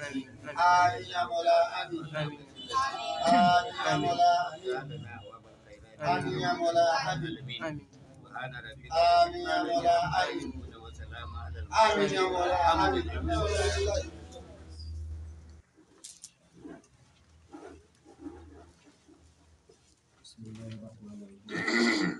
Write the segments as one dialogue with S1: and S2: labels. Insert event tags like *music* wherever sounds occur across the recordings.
S1: آمين يا مولا آمين آمين
S2: يا مولا آمين آمين يا مولا
S1: آمين آمين يا مولا آمين آمين يا مولا آمين
S2: بسم الله الرحمن الرحيم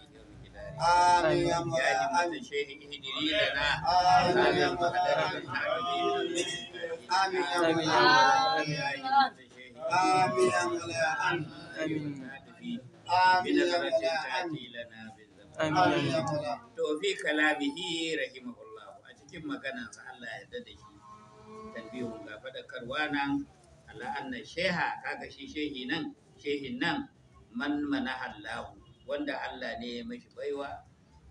S1: آمين يا آمين آمين يا آمين آمين يا آمين آمين يا To fi kalamihi rahimahullahu a cikin maganansa Allah yarda da shi talbihun ga faɗakarwa nan ala anna Ka kaga shi shehi nan nan wanda Allah ne ya mashi baiwa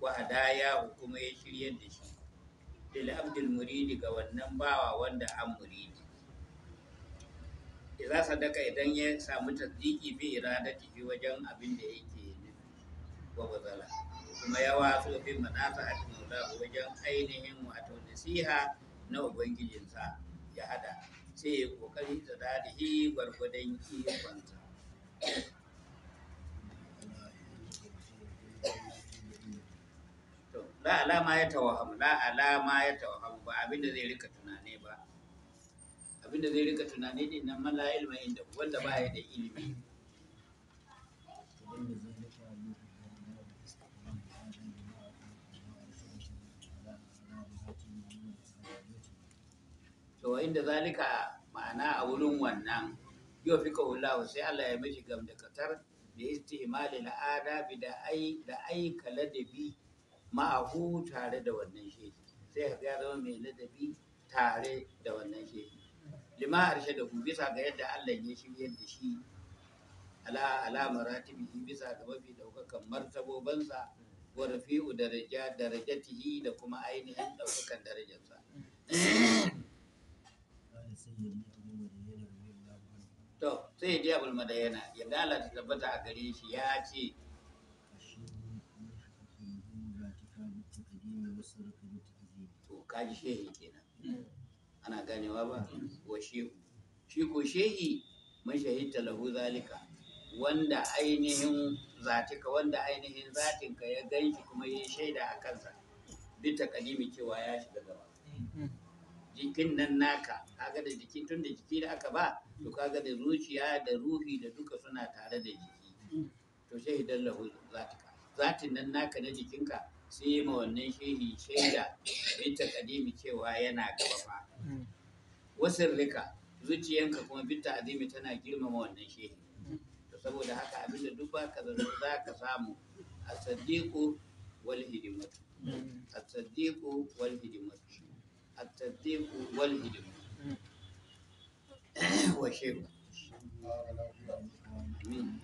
S1: wa hadaya kuma ya shiryar da shi lil abdul muridi ga wannan bawa wanda an muridi idza sadaka idan ya samu tasdiki bi bi wajen abin da yake nufi wa bazala kuma ya waso bi manata a cikin wajen ainihin wato nasiha na ubangijinsa ya hada sai ya kokari da dadi gwargwadon iyakonsa la alama ya tawahamu la alama ya tawahamu ba abinda zai rika tunane ba abinda zai rika tunane din nan mala ilmi inda wanda ba ya da ilimi to inda zalika ma'ana a wurin wannan yau fi kawulawa sai Allah ya mishi gam da istihmalil adabi da ai da ai kaladabi ma'ahu tare da wannan shehi sai ka ya zama mai ladabi tare da wannan shehi lima harshe da bisa ga yadda Allah ya shiryar da shi ala ala maratibihi bisa ga mafi daukakan martabobansa wa rafi'u daraja darajatihi da kuma ainihin daukakan darajarsa to sai ya ji abul madayana ya dala ta tabbata a gare shi ya ce kaji shehi kenan hmm. ana ganewa ba wa shehu shi ko shehi man shahidta lahu zalika wanda ainihin zatika wanda ainihin zatinka ya ganshi kuma yin shaida a kansa bi takalimi cewa ya shiga gaba hmm. jikin nan naka kaga da jiki tun da jiki da aka ba to kaga da zuciya da ruhi da duka suna tare da jiki hmm. to shahidan lahu zatika zatin nan naka na jikinka sai yi ma wannan shehi shaida bita kadimi cewa yana gaba fa hmm. wasin rika zuciyanka kuma bita azimi tana girmama wannan shehi to saboda haka abin da duk baka da za ka samu a sadiku wal hidimatu hmm. a sadiku wal hidimatu a sadiku wal hidimatu hmm. wa shehu Amin.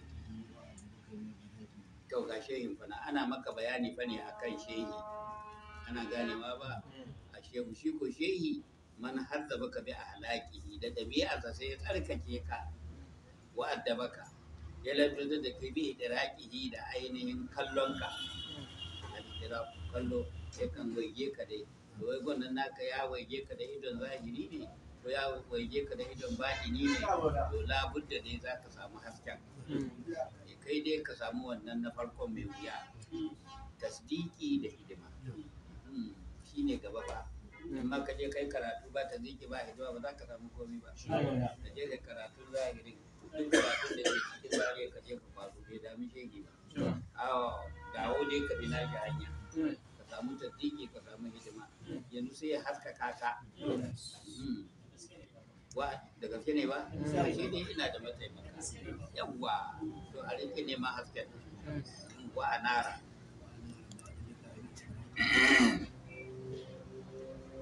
S1: kyau ga shehin ana maka bayani fa ne akan shehi ana ganewa ba a shehu shi ko shehi man hadda baka bi ahlaki da dabi'arsa sai ya tsarkake ka wa addabaka ya lantuzar da kai bi idraqihi da ainihin kallon ka al kallo kan goge ka dai to wai gwannan naka ya waige ka da idon zahiri ne to ya waige ka da idon baɗini ne to labudda ne za samu hasken kai dai ka samu wannan na farkon mai wuya tasdiki da hidima hmm, shi ne gaba ba amma ka je kai karatu ba ta ziki ba hidima ba za ka samu komai ba ka je kai karatu zahiri duk karatu da ke cikin zahiri ka je ka faru bai dami shege ba awa dawo dai ka bi nashi hanya ka samu tasdiki ka samu hidima yanzu sai ya haskaka ka hmm. wa da gaske ne ba sai shi ne ina da mataimaka yawwa to a rinka neman hasken wa a nara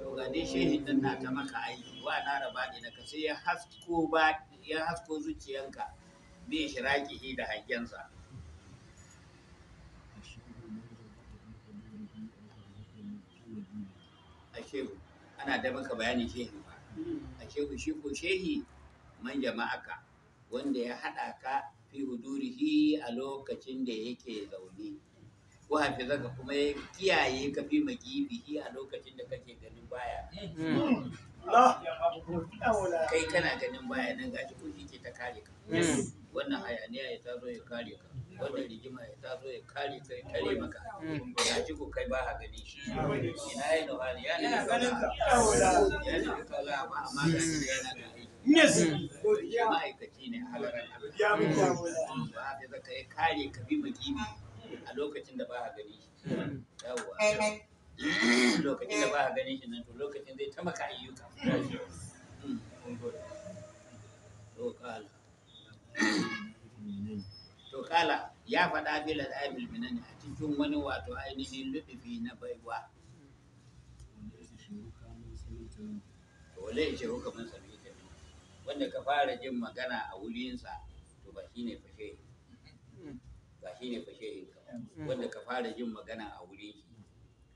S1: to ga dai shehin nan na ta maka aiki wa nara ba ne ka sai ya hasko ba ya hasko zuciyanka bi shirakihi da hangensa ashe ana da maka bayani shehin ba a shehu shi shehi man jama'aka wanda ya haɗa ka fi hudurihi a lokacin da yake zaune ko ka kuma ya kiyaye ka fi magibihi a lokacin da kake ganin baya kai kana ganin baya nan gashi ko ke ta kare ka wannan hayaniya ya tazo ya kare ka wannan rigima ya tazo ya kare ka ya kare maka gashi ko kai ba ha gani shi ina yi nuhani ya ne ya ganin ka ba amma ga shi yana da aiki yes ma'aikaci ne halaran ya mu ya mu ba da yi kare ka bi makini a lokacin da ba a gani shi lokacin da ba a gani shi nan to lokacin zai ta maka ayyuka mm. to kala to kala ya faɗa bila da abil minan a cikin wani wato ainihin lutufi na baiwa Thank you. wale ce hukumin sa sami wanda ka fara jin magana a wurinsa to ba shi ne fashe ba shi ne fashe wanda ka fara jin magana a wurin shi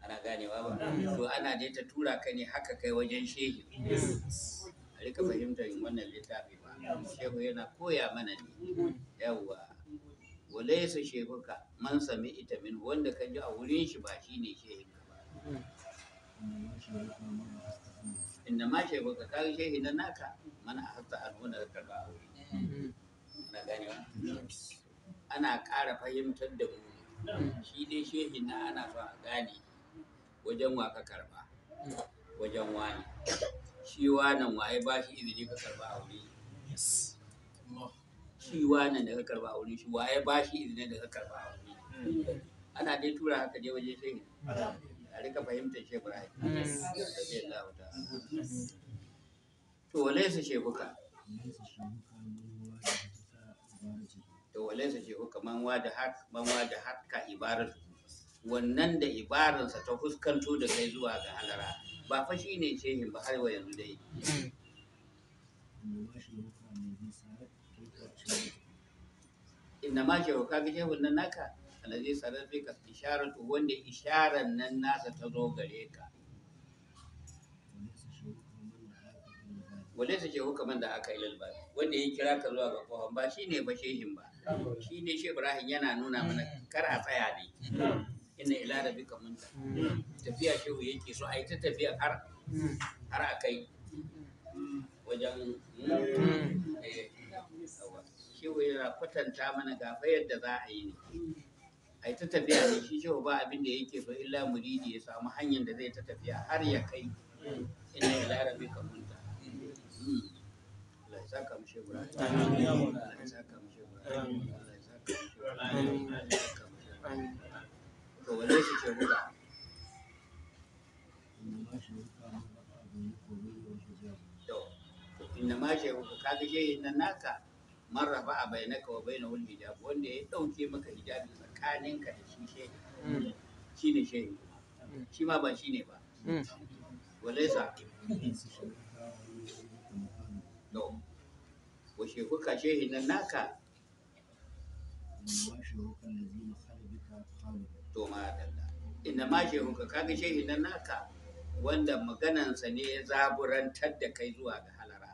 S1: ana ganewa ba to ana dai ta tura ka ne haka kai wajen shehi a rika fahimtar wannan littafi ba shehu yana koya mana ne yawwa walaisa shehuka man sami ita min wanda ka ji a wurin shi ba shi ne ka ba inda ma shi baka kawo shehi na naka mana a hatta an wani karɓa aure ana ana ƙara fahimtar da mu shi dai shehi na ana so a gane wajen wa ka karba, wajen wani shi wanan waye ba shi izini ka karba aure shi wanan da ka karba aure shi waye ba shi izini da ka karba aure ana dai tura haka dai wajen shehi a rika fahimtar shi Ibrahim radiyallahu ta'ala to walaysa shebuka to walaysa shebuka man wada hak man wada hakka ibaratu wannan da ibararsa ta fuskanto da kai zuwa ga halara ba fa shi ne shehin ba har wa yanzu dai inna ma shehu ka ga shehun nan naka alladhi sarafika isharatu wanda isharan nan nasa ta zo gare ka wale su shehu kamar da aka ilal ba wanda ya kira ka zuwa ga kohon ba shi ne ba shehin ba shi ne shi ibrahim yana nuna mana kar a tsaya ne ina ila da bika ta tafiya shehu yake so a yi ta tafiya har har a kai wajen eh, shehu yana kwatanta mana gafa yadda za a yi ne ai ta tafiya ne shi shi ba abin da yake ba illa muridi ya samu hanyar da zai ta tafiya har ya kai ina ya larabe ka munta hmm. shi ya ga naka marraba a bayanaka wa bainahul hijabu wanda ya dauke maka hijabi tsakaninka da shi shehi hmm. shi ne shehi kuma hmm. shi ma ba shi ne ba hmm. walaisa no wa shehuka shehi nan naka to ma dalla inna ma shehuka kaga shehi nan naka wanda maganansa ne ya zaburantar da kai zuwa ga halara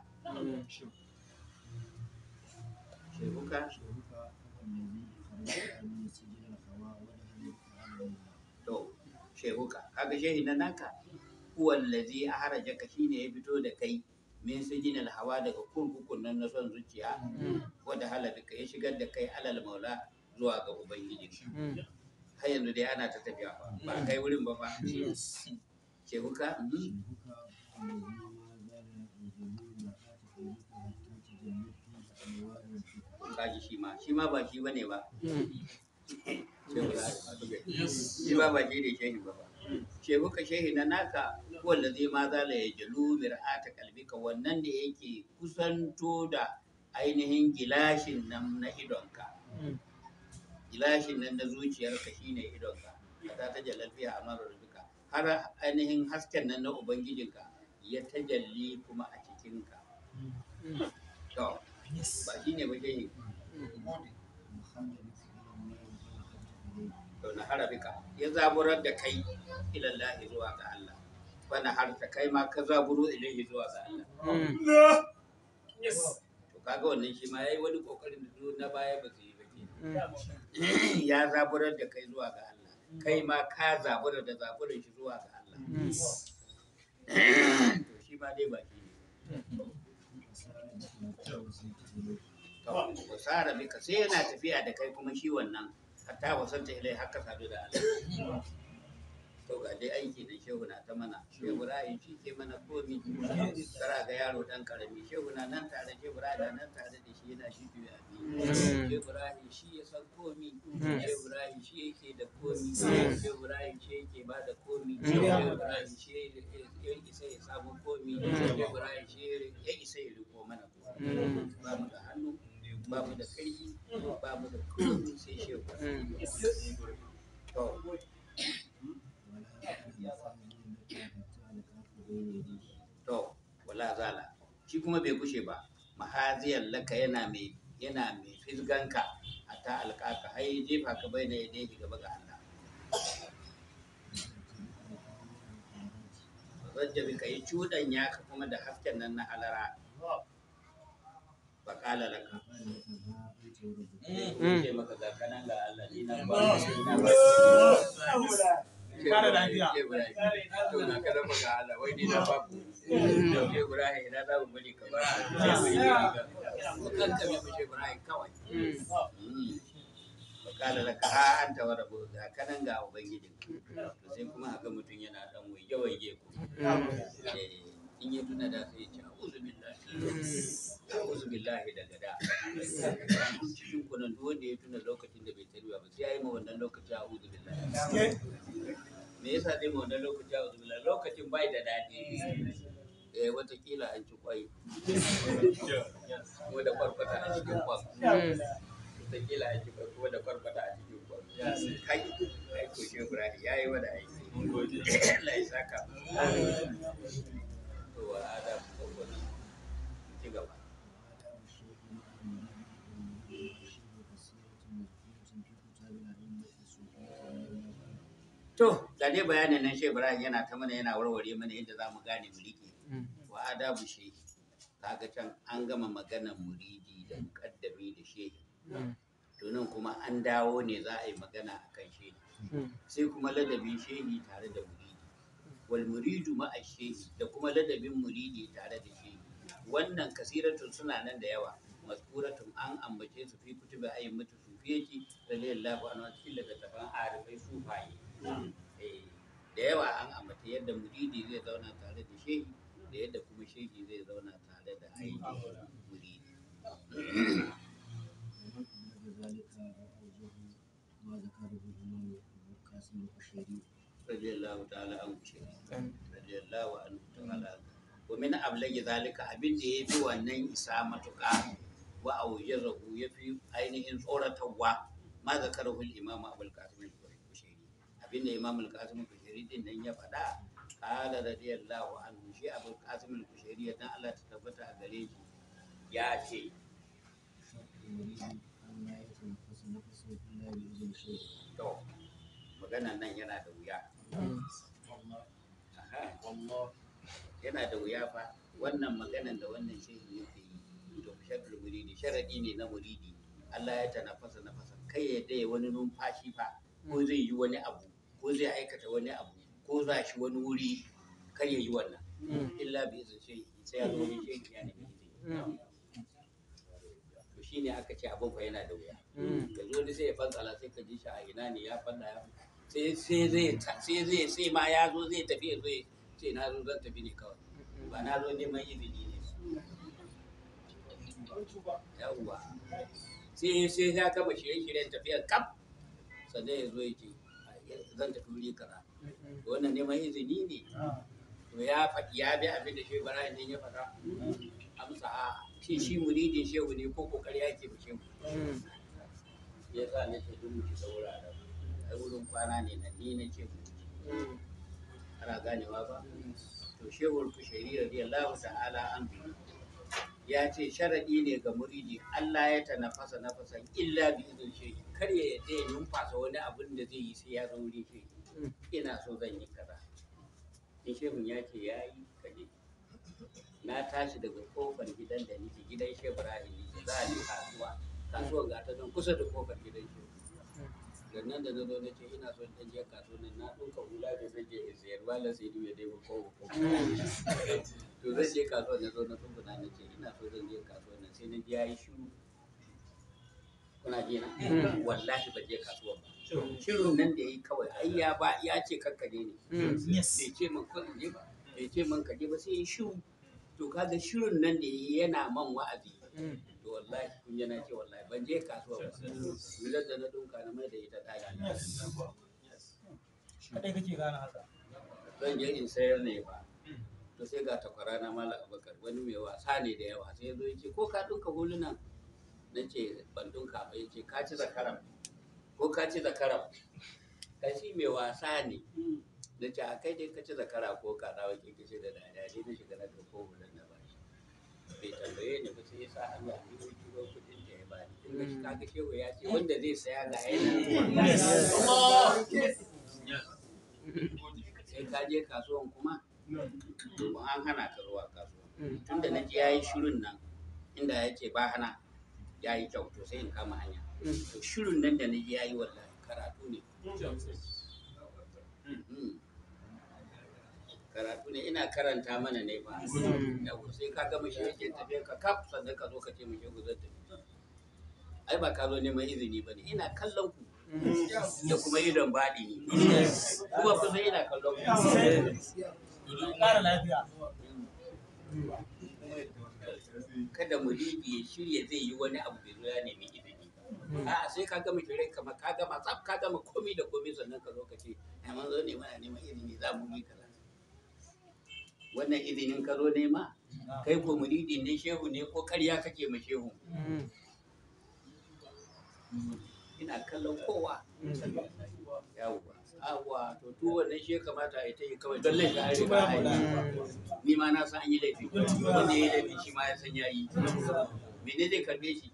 S1: shehuka shehuka shehuka kaga shehi na naka a haraja ka shine ya fito da kai min sujinal hawa daga kurkukun nan na son zuciya hala duka ya shigar da kai alal maula zuwa ga ubangiji hmm. har yanzu dai ana ta tafiya ba kai wurin ba ba shehuka kaji shi ma shi ma ba shi bane ba hmm. *laughs* shi ba ba ne shehi ba ba shehu ka shehi na naka wanda zai ma zala ya jalu mir'ata kalbika wannan da yake kusanto da ainihin gilashin nan na idonka mm. gilashin nan na zuciyarka shine idonka ta ta jalafiya a marar duka har ainihin hasken nan na ubangijinka ya tajalli kuma a cikinka mm. Ba shi ne ba shehi rabika ya zaburar da kai ilallahi zuwa ga Allah wani har ta kai ma ka zaburo ilahi zuwa ga Allah hmm. to kaga wannan shi ma ya yi wani kokarin da zuwa na baya ba su yi ba hmm. *clears throat* ya zaburar da kai zuwa ga Allah kai ma ka zaburar da zaburar shi zuwa ga Allah hmm. to shi ma dai baki ne to wasara bika sai yana tafiya da kai kuma shi wannan hatta ta ilai ka sadu da Allah to ga dai aiki da shehu na ta mana shehu ra'ayi shi ke mana komi tsara ga yaro dan karami shehu na nan tare shehu da nan tare da shi yana shi juya bi hmm. shehu ra'ayi shi ya san komi hmm. shehu ra'ayi shi yake da komi hmm. shehu ra'ayi shi yake ba da komi shehu ra'ayi shi ya isa ya samu komi shehu ra'ayi shi ya isa ya riko mana komi ba mu da hannu ba mu da ƙarfi ba mu da komi sai shehu to to wala zala shi kuma bai kushe ba mahaziyar laka yana mai yana mai fisganka a ta alƙaƙa har ya jefa ka bai da ya daidai gaba ga Allah rajjabi ka yi cuɗanya ka kuma da hasken nan na halara ba ƙala laka kare da ka an ta wada bu kanan ga ubangiji to sai kuma haka mutum yana dan waje waje ko mm. eh, in ya tuna da sai ya ce billahi a'udhu billahi daga da cikin kunan duk wanda ya tuna lokacin da bai tarbiya ba sai yayi ma wannan lokaci a'udhu billahi me yasa ma wannan lokaci a'udhu billahi lokacin bai da dadi eh watakila an ci kwai ko da farfata a cikin watakila an ci kwai ko da farfata a cikin kai kai ko shi yayi wada aiki Allah ya saka to wa adam ko gaba To, da dai bayanin nan shi Ibrahim yana ta mana yana warware mana yadda za mu gane mulki. Mm. Wa adabu shi, kaga can an gama magana muridi da mukaddami da shehi. Mm. To nan kuma an dawo ne za a yi magana a kan shehi. Mm. Sai kuma ladabin shehi tare da muridi. Wal muridu ma'a shehi da kuma ladabin muridi tare da shehi. wannan kasiratun suna nan da yawa maskuratun an ambace su fi kutubi ayyin mutu sufiyaki radiyallahu anhu cikin littattafan arifai sufaye eh, da yawa an ambace yadda muridi zai zauna tare da shehi da yadda kuma shehi zai zauna tare da ainihin muridi radiyallahu ta'ala an wuce radiyallahu anhu ta'ala wa min ablagi zalika abin da ya fi wannan isa matuƙa wa awjazahu ya fi ainihin tsoratarwa ma zakarahu al-imam abul qasim al-kushairi abin da imam al-qasim al-kushairi nan ya faɗa qala radiyallahu anhu shi abul qasim al-kushairi Allah ta tabbata a ya ce to magana nan yana da wuya yana da wuya fa wannan maganan da wannan shehu yake yi to sharri muridi sharadi ne na muridi Allah ya tanafasa nafasa kai ya dai wani numfashi fa ko zai yi wani abu ko zai aikata wani abu ko za shi wani wuri Kai ya yi wannan mm. illa bi izin shehi sai ya zo ne shehi ya nemi mm. to shine aka ce abin fa yana da wuya ka mm. zo da sai ya fantsala sai ka ji shi a ina ne ya fanna ya sai sai zai sai zai sai ma ya zo zai tafi ya zo ce na zo zan tafi ne kawai ba na zo neman izini ne yawwa sai sai ya kama shirye-shiryen tafiyar kaf sannan ya zo ya ce zan tafi wuri kaza wannan neman izini ne to ya faɗi ya bi abin da shi bara ne ya faɗa amsa a shi shi muridin shehu ne ko kokari yake ba shehu ya sa nake duk mu ki saurara wurin kwana ne na ni nake mu kana ganewa ba to shehul kushairi radiyallahu ta'ala an ya ce sharaɗi ne ga muridi Allah ya tanafasa nafasan illa bi idin shehi kar ya yadda ya numfasa wani abin da zai yi sai ya zo wurin shehi ina so zan yi kaza in shehun ya ce ya yi kaje na tashi daga kofar gidan da nake gidan shehu rahimi za a yi kasuwa kasuwar gata don kusa da kofar gidan shehu nan da na zo na ce ina son ɗan je kasuwa na ɗauka hula da zan je in sayar wala sai duwe dai ba kowa ko to zan je kasuwa na zo na tumbuna na ce ina so zan je kasuwa na sai na ji yi shiru kuna ji na mm. wallahi ba je kasuwa ba shiru nan da yayi kawai ai ya ba ya ce kakkade ne mm. bai ce min kan je ba bai ce min kaje ba sai ya shiru to kaga shirin nan da yayi yana man wa'azi mm. to wallahi kun yana ce wallahi ban je kasuwa ba milar da na dunka na mai da ita ta daya na kadai kake gane haka zan je in sayar ne ba hmm. to sai ga takwara na mala abakar wani mai wasa ne da yawa sai zo yake ko ka dunka hulunan na ce ban dunka ba yake ka ci zakaram ko ka ci zakaram kashi mai wasa ne hmm. na ce a kai dai ka ci zakara ko ka dawo ke kishi da dariya ne na shiga na ko hulunan bai tambaye ni ba sai ya sa hannu a biyu kiro kuɗin da ya bani in da shi mm. kaga shehu ya ce wanda zai saya ga yana sai ka je kasuwan kuma domin an hana ka zuwa kasuwan mm. tunda na ji ya yi shirin nan inda ya ce ba hana ya yi kyau to sai in kama hanya mm. to shirin nan da na ji ya yi wallahi karatu ne karatu ne ina karanta mana ne ba ku sai ka gama shi yake tafiya ka kaf sannan ka zo ka ce mu shi guzar tafi ai ba ka zo neman izini ba ne ina kallon ku da kuma idon baɗi ne kuma kusa ina kallon ku kada mu libi ya shirya zai yi wani abu bai zo ya nemi izini a'a sai ka gama shirin kama ka gama tsaf ka gama komi da komi sannan ka zo ka ce na manzo ne mana neman izini za mu yi kaza wannan izinin ka zo nema kai ko muridi ne shehu ne ko karya kake ma shehu ina kallon kowa yawwa awa to tu wannan shi kamata a ita yi kawai don laifin an riga a ni ma na san an yi laifi wanda ya yi laifi shi ma ya san ya yi mene zai karbe shi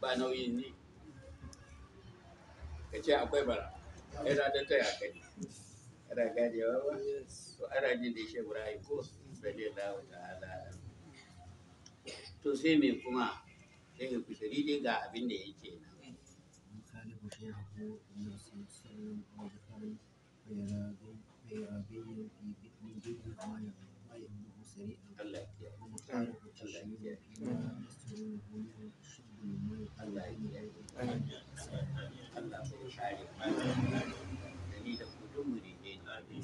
S1: ba nauyin ne ka ce akwai bara yana da taya kai ana ganewa ba to ana jin da shi ibrahim ko sani na wata ala to sai mai kuma sai ya kusuri dai ga abin da yake nan Allah ya Allah ya Allah ya Allah ya share da kudin muridai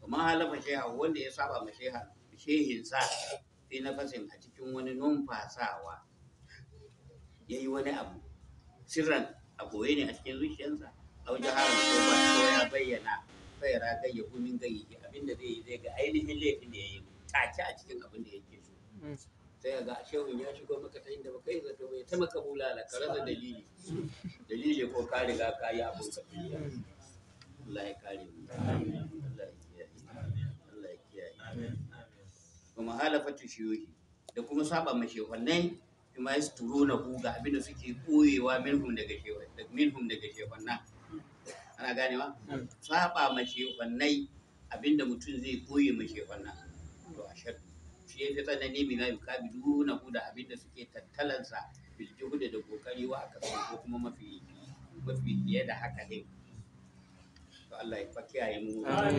S1: kuma halafa sheha wanda ya saba ma sheha sa fi nafasin a cikin wani numfasawa ya yi wani abu sirran a goye ne a cikin zuciyarsa a wajen harin ko ba ko ya bayyana fayara gayya kumin gayyaki abinda zai yi zai ga ainihin laifin da ya yi take a cikin abin da yake so sai ga shehun ya shigo maka ta inda baka yi zato bai ta maka da ka rasa dalili dalili ko ka riga ka yi abun ka fiya Allah ya kare mu Allah ya kiyaye Allah ya kiyaye kuma halafatu shiyoyi da kuma saba ma shehunai kuma ya turo na ga da suke koyewa milhum daga shehunai minhum daga shehunai ana ganewa hmm. saba ma shehunai abinda mutum zai koye ma shehunai gefe ya fi tsanani bi ma yukabidu da abin da suke tattalansa bil juhudi da kokari wa aka ko kuma mafi mafi fiye da haka ne to Allah ya fakiyaye mu Allah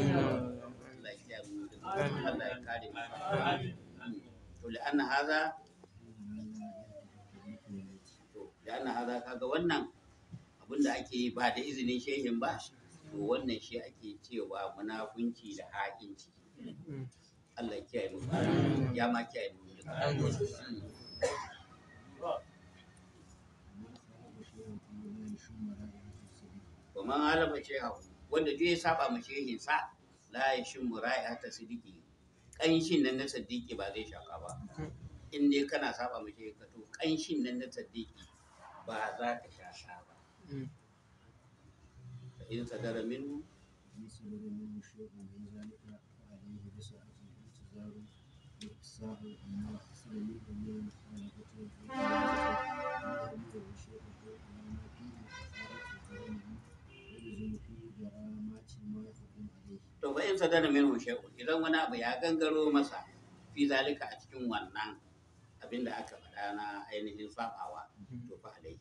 S1: ya kiyaye mu Allah ya kare mu to li anna hadha to li anna hadha kaga wannan abinda ake yi ba da izinin shehin ba to wannan shi ake cewa munafunci da ha'inci mm. Allah ya kiyaye mu ya ma kiyaye mu
S2: kuma alama ce
S1: wanda duk ya saba mu shehin sa la ya shin mura'i ta sidiki kanshin nan na sadiki ba zai shaka ba in dai kana saba mu shehin ka to kanshin nan na sadiki ba za ka shaka ba in sadara minhu To fa in sadana idan wani abu ya gangaro masa fi zalika a cikin wannan abin da aka faɗa na ainihin sabawa to fa alai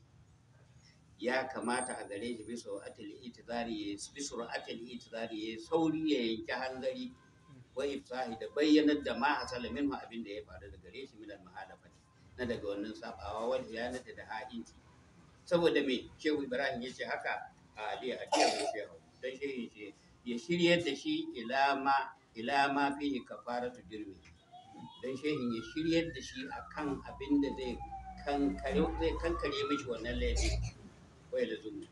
S1: ya kamata a gare shi bisa atil itizari bisa atil itizari sauri ya yanki hanzari wa ifsahi da bayyanar da ma hasala ma abin da ya faru da gare shi minal muhalafati na daga wannan sabawa wal hiyanati da ha'inci saboda me shehu ibrahim ya ce haka a ali shi hawo dan shehu yace ya shirye da shi Ila ma ila ma fihi kafaratu jirmi dan shehu ya shirye da shi akan abin da zai kankare zai kankare mishi wannan laifi wai da zumu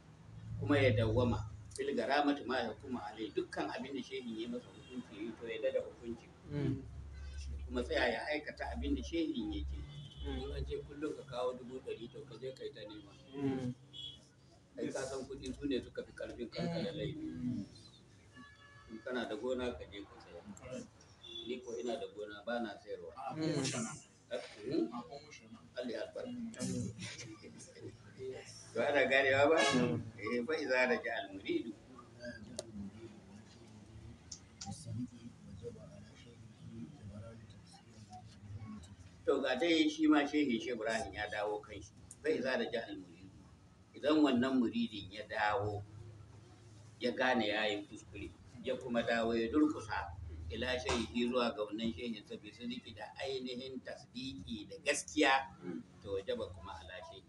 S1: kuma ya dawwama fil garamatu ma hukuma alai dukkan abin da shehu ya masa mutum ke yi to ya da hukunci mm. kuma tsaya ya aikata abin da shehin yake mm. in an ce kullum ka kawo dubu ɗari to ka je ka ta nema mm. ai ka san kuɗi su ne suka fi karfin kanka laifi in kana da gona ka je ka saya ni ko ina da gona ba na sayarwa eh? hmm? Allah ya albarka to ana ganewa ba eh fa iza da ja al to ga dai shi ma shehi shi ibrahim ya dawo kan shi bai za da jahal muridu idan wannan muridin ya dawo ya gane ya yi kuskure ya kuma dawo ya durkusa ila shehi zuwa ga wannan shehin sa bisa da ainihin tasdiki da gaskiya to wajaba kuma ala shehi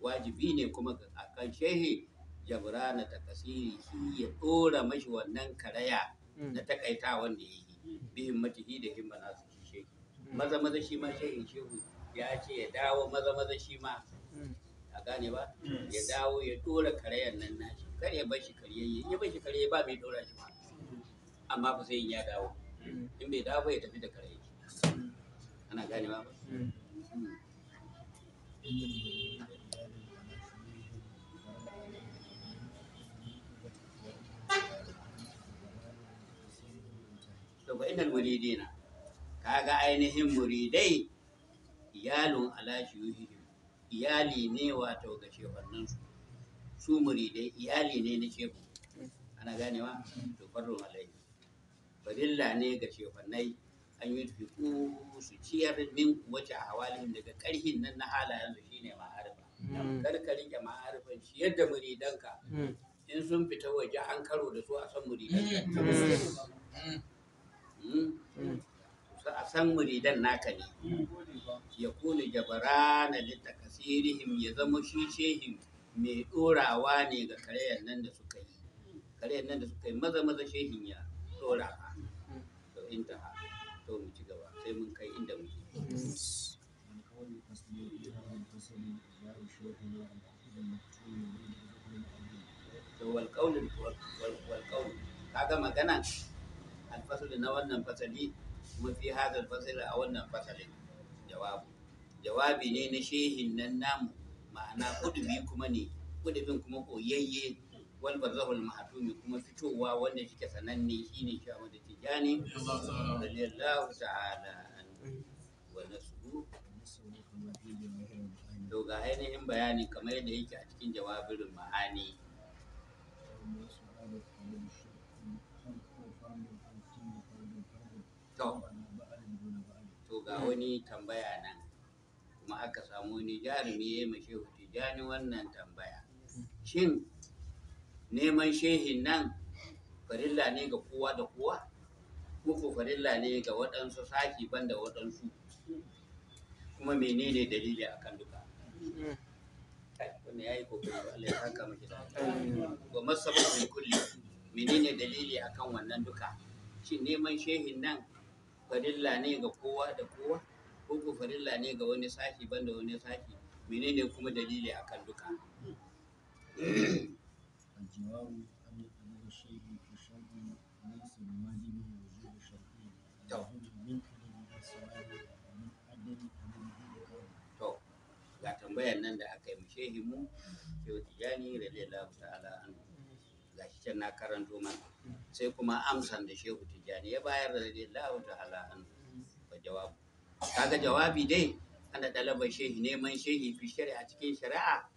S1: wajibi ne kuma a kan shehi jabrana ta takasiri shi ya dora mashi wannan karaya hmm. na takaita wanda yi bihin himmatihi da nasu. maza maza shi ma shehin shehu ya ce ya dawo maza maza shi ma hmm. a gane ba hmm. ya dawo ya dora karayan nan nashi kar ya bashi shi karyayye ya bashi shi karyayye ba mai dora shi ma amma fa sai ya dawo hmm. in bai dawo ya tafi da karayayye ana gane ba daga inal walidina kaga ainihin muridai iyalun alashi yuhihim iyali ne wato ga shefannin su su muridai iyali ne na shefu ana ganewa to farrun alai farilla ne ga shefannai an yi tuku su ciyar min wace hawalin daga karhin nan na halayen su shine ma'arifa hmm. kar ka rike ma'arifan shi yadda muridanka hmm. in sun fita waje an karo da su a san muridanka hmm. su a san muridan naka ne ya kuni jabara na kasirihim ya zama shi shehin mai ɗorawa ne ga karyar nan da suka yi karyar nan da suka yi maza maza shehin ya ɗora ka to ta ha to mu ci gaba sai mun kai inda mu to wal qawl wal qawl magana al fasl na wannan fasali kuma fi hadal fasala a wannan fasalin jawabu jawabi ne na shehin nan namu ma'ana kudubi kuma ne kudubin kuma koyayye wal barzahul mahatumi kuma fitowa wanda shike sananne shine shawo da tijani radiyallahu ta'ala wa nasuhu to ga ainihin bayani kamar yadda yake a cikin jawabin ma'ani to ga wani tambaya nan kuma aka samu wani jarumi ya mace tijani wannan tambaya shin neman shehin nan farilla ne ga kowa da kowa muku farilla ne ga waɗansu saki ban da waɗansu kuma menene dalili akan duka wanda ya yi kokari Allah ya saka miki da wa masabbu kulli menene dalili akan wannan duka shin neman shehin nan farilla ne ga kowa da kowa ko ko farilla ne ga wani sashi banda wani sashi menene kuma dalili akan duka ga tambayar nan da aka yi mu shehi mu shehu tijani radiyallahu ta'ala anhu cikin na karanto mana sai kuma amsan da shehu tijjani ya bayar da radiyallahu ta'ala halahan ba jawabu kaga jawabi dai ana ɗalabar shehi neman shehi fi shari'a cikin shari'a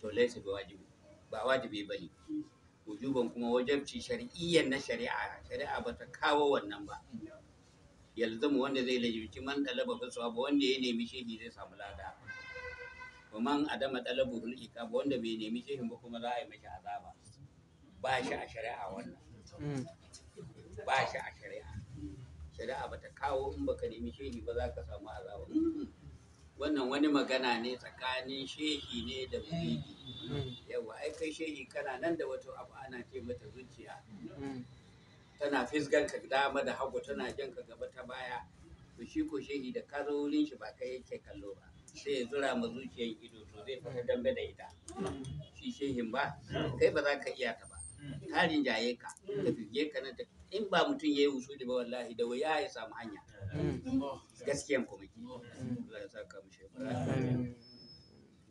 S1: to laisa ba wajibi ba wajibi ne wujuban kuma wajabci shar'iyyan na shari'a shari'a ba ta kawo wannan ba mu wanda zai lajibci man ba su ba wanda ya nemi shehi zai samu lada kuma man adama ɗalabu hulki kaba wanda bai nemi shehin ba kuma za a yi mashi azaba ba shi a shari'a wannan mm. ba shi a shari'a shari'a ba ta kawo in baka nemi shehi ba za ka samu azaba wannan wani magana ne tsakanin shehi ne da muridi mm. yawa ai kai shehi kana nan da wato abu ana ce mata zuciya mm. tana fisgan ka dama da hagu tana jan ka gaba ta baya to shi ko shehi da ka zo wurin shi ba kai yake kallo ba sai ya zura ma zuciyan ido to zai fita dambe da ita shi shehin ba kai ba za ka iya ta ba ka jayeka, ka ta fige ka na in ba mutum ya yi da ba wallahi da waya ya samu hanya gaskiyan kuma ki Allah ya saka mu shekara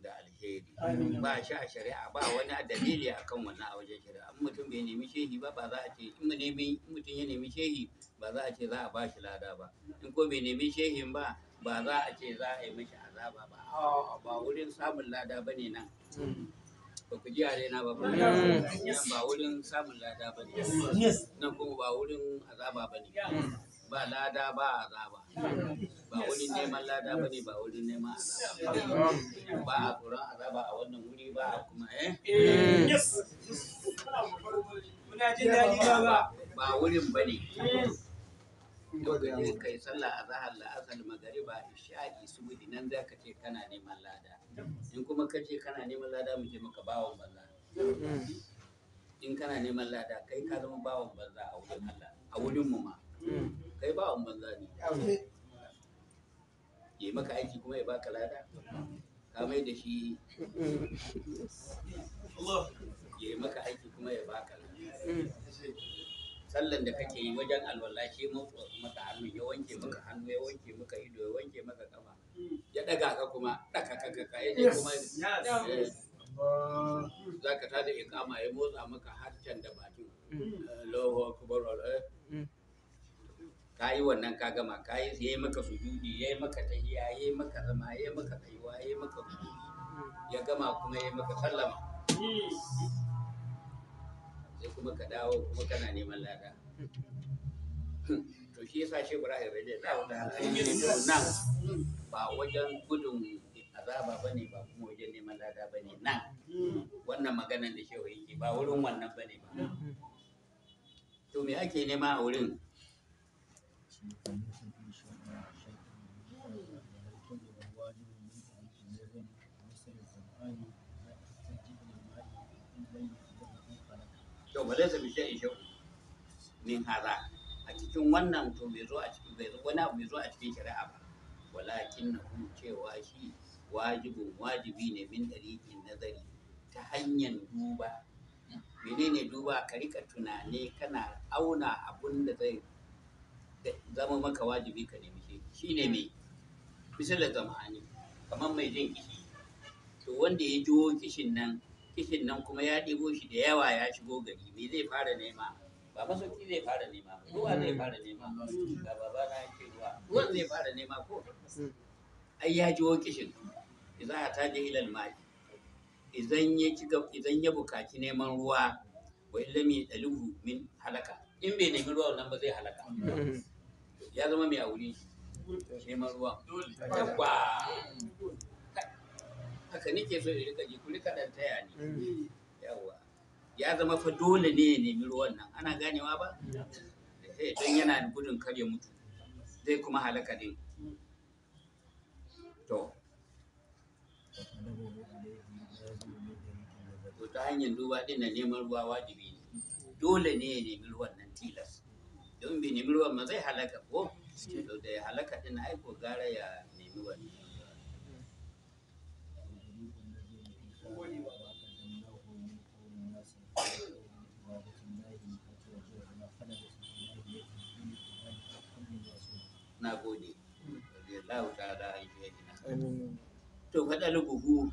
S1: da alheri ba shi a shari'a ba wani dalili akan wannan a wajen shari'a in mutum bai nemi shehi ba ba za a ce in mutum ya nemi shehi ba za a ce za a ba shi lada ba in ko bai nemi shehin ba ba za a ce za a yi mashi azaba ba ba wurin samun lada ba ne nan ba ku ji yare na ba ba mm. ba wurin samun lada ba ne nan kuma ba wurin azaba ba ne mm. ba lada ba azaba ba wurin neman lada ba ne ba wurin neman azaba ba a tsoron azaba a wannan wuri ba a kuma eh mm. ba wurin ba ne lokacin kai sallah a zahar la'asar magariba isha'i subudi nan za ka ce kana neman lada in kuma ka je kana neman lada mu je maka bawan banza in kana neman lada kai ka zama bawan banza a wurin Allah a wurin mu ma kai bawan banza ne ya maka aiki kuma ya baka lada ka mai da shi *laughs* ya maka aiki kuma ya baka lada mm. sallan da kake yi wajen alwala shi motsa maka hannu ya wanke maka hannu ya wanke maka ido ya wanke maka kafa ya daga ka kuma daka ka ka ya yaje kuma eh, za ka tada ikama ya motsa maka harcen da bakin mm. eh, loho kubar eh. mm. ka yi wannan ka gama ka yi ya yi maka sujudi ya yi maka tahiya ya yi maka zama ya yi maka tsayuwa ya yi maka mm. ya gama kuma ya yi maka sallama sai kuma ka dawo kuma kana neman lada to shi yasa shi Ibrahim rage da wata nan ba wajen gudun azaba ne ba kuma wajen neman lada ne nan wannan maganan da shehu yake ba wurin wannan bane ba to me ake nema a wurin to ba zai sabi shai shau min haza a cikin wannan to bai zo a cikin bai zo wani abu bai zo a cikin shari'a ba walakin na kuma cewa shi wajibin wajibi ne min ɗariƙin nazari ta hanyar duba menene duba ka rika tunani kana auna abun da zai zama maka wajibi ka nemi shi ne mai misal da zamani kamar mai jin kishi to wanda ya jiwo kishin nan kishin nan kuma ya ɗebo shi da yawa ya shigo gari me zai fara nema ba masauki zai fara nema ruwa zai fara nema ga baba na yake ruwa ruwan zai fara nema ko ai ya jiwo kishin za a taje ilal mai idan ya idan ya bukaci neman ruwa wa mi yadaluhu min halaka in bai nemi ruwa nan ba zai halaka ya zama mai aure neman ruwa yawwa haka nike so in rika ji kuli rika taya ne mm. yawa ya zama fa dole ne ya nemi ruwan nan ana ganewa ba eh don yana da gudun karya mutu zai kuma halaka ne to to ta hanyar duba din na neman ruwa wajibi ne dole ne ya nemi ruwan nan tilas
S2: don bai nemi ruwan ma zai halaka
S1: ko da ya halaka din ai ko gara ya nemi wani na gode radiyallahu ta'ala an shi yadda to faɗa lubuhu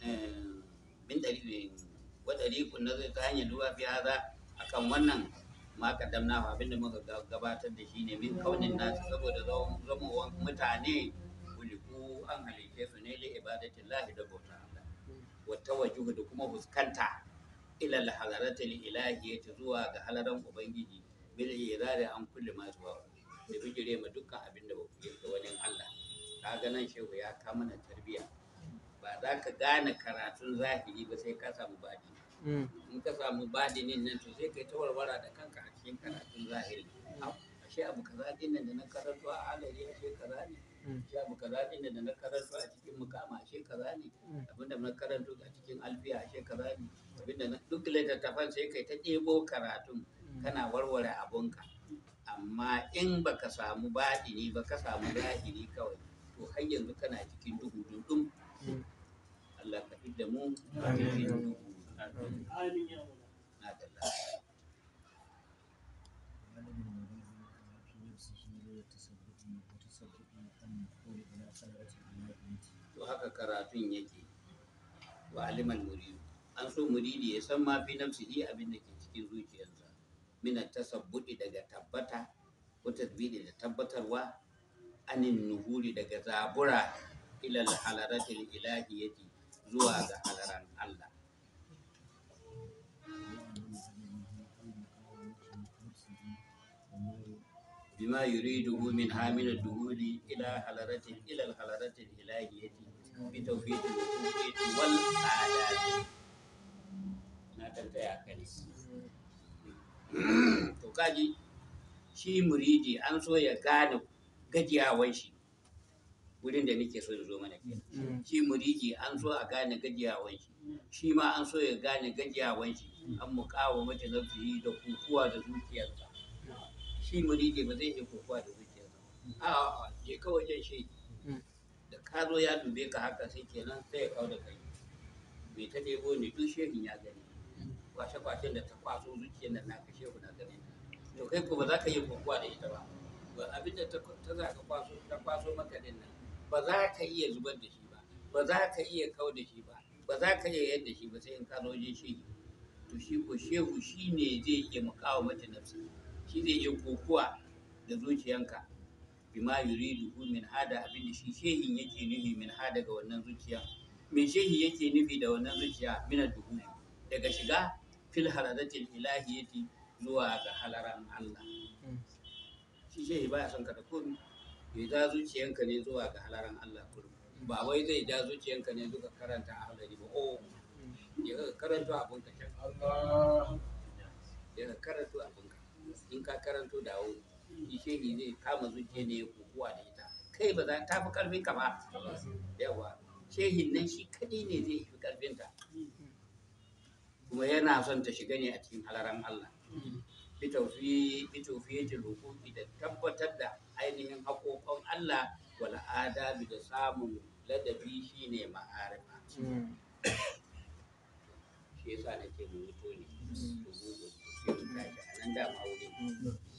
S1: eh, min ɗari wa kun ta hanyar duba fi haza akan wannan ma kaddamna fa abinda muka gabatar da shi ne min kaunin nasu saboda zamowan mutane kuliku an halike su ne li ibadatin lahi da bauta Allah wa tawajjuhu da kuma fuskanta ila al-hazaratil ilahiyati zuwa ga halaran ubangiji bil irari an kulli ma zuwa da bijire ma dukkan abin da ba ku yi wajen Allah kaga nan shehu ya ka mana tarbiyya ba za ka gane karatun zahiri ba sai ka samu badi hmm. in ka samu badinin nan to sai kai ta warwara da kanka a cikin karatun zahiri shi abu ka zaɗi nan da na karatu a halari shi ka zaɗi hmm. shi abu ka zaɗi nan da na karatu a cikin mukama ka zaɗi hmm. abin da na karatu a cikin alfiya ashe kaza ne abinda duk littattafan sai kai ta ɗebo karatun kana warware abunka. amma in baka samu baɗini ba ka samu zahiri kawai to har yanzu kana cikin duhu dudum Allah ka fidda mu
S2: duhu ya
S1: to haka karatun yake wa aliman muridi an so muridi ya san ma fi nafsihi abin da ke cikin zuciyarsa minan tasabbudi daga tabbata ko tasbidi da tabbatarwa anin nuhuri daga zabura ilal halaratil ilahiyati zuwa ga halaran Allah bima yuriduhu min hamil duhuli ila halaratin ila halaratin ilahiyati bi tawfiqil wal na tantaya to kaji shi muridi an so ya gane gajiyawan shi wurin da nake so ya zo mana kenan mm. shi muridi an so a gane gajiyawan shi shi ma an so ya gane gajiyawan shi mm. an muƙawa mata nafi da kukuwa da zuciyarsa shi muridi ba zai iya kukuwa da zuciyarsa a mm. je kawai jan shi da ka zo ya dube ka haka sai kenan sai ya kawo da kai bai ta ɗebo ne duk shehin ya gani kwashe-kwashen da ta kwaso zuciyar nan na kashe ku na gare to kai ko ba za ka yi kokowa da ita ba ba abin da ta za ka kwaso ta kwaso maka din nan ba za ka iya zubar da shi ba ba za ka iya kau da shi ba ba za ka iya yadda shi ba sai in ka zo wajen shehu to shi ko shehu shi ne zai iya mukawa mata nafsi shi zai iya kokowa da zuciyanka bima yuridu min hada abin da shi shehin yake nufi min hada ga wannan zuciya me shehi yake nufi da wannan zuciya min duhu daga shiga fil haradatil ilahiyati zuwa ga halaran Allah hmm. shi ba baya son ka da komi ya ja zuciyanka ne zuwa ga halaran Allah kullum hmm. ba wai zai ja zuciyanka ne duka karanta a halari ba oh hmm. ya ka karanta abin ka can ya ka karanta abin ka in ka da dawo shi shehi zai kama zuciya ne ya kukuwa da ita kai ba za ta fi karfin ka ba yawa shehin nan shi kadai ne zai fi karfin ka kuma yana son ta shiga ne a cikin halaran Allah bitawfiyatul huquqi da tabbatar da ainihin haƙoƙon Allah wal adabi da samun ladabi shine ma'arifa shi yasa nake mutu ne to da shi nan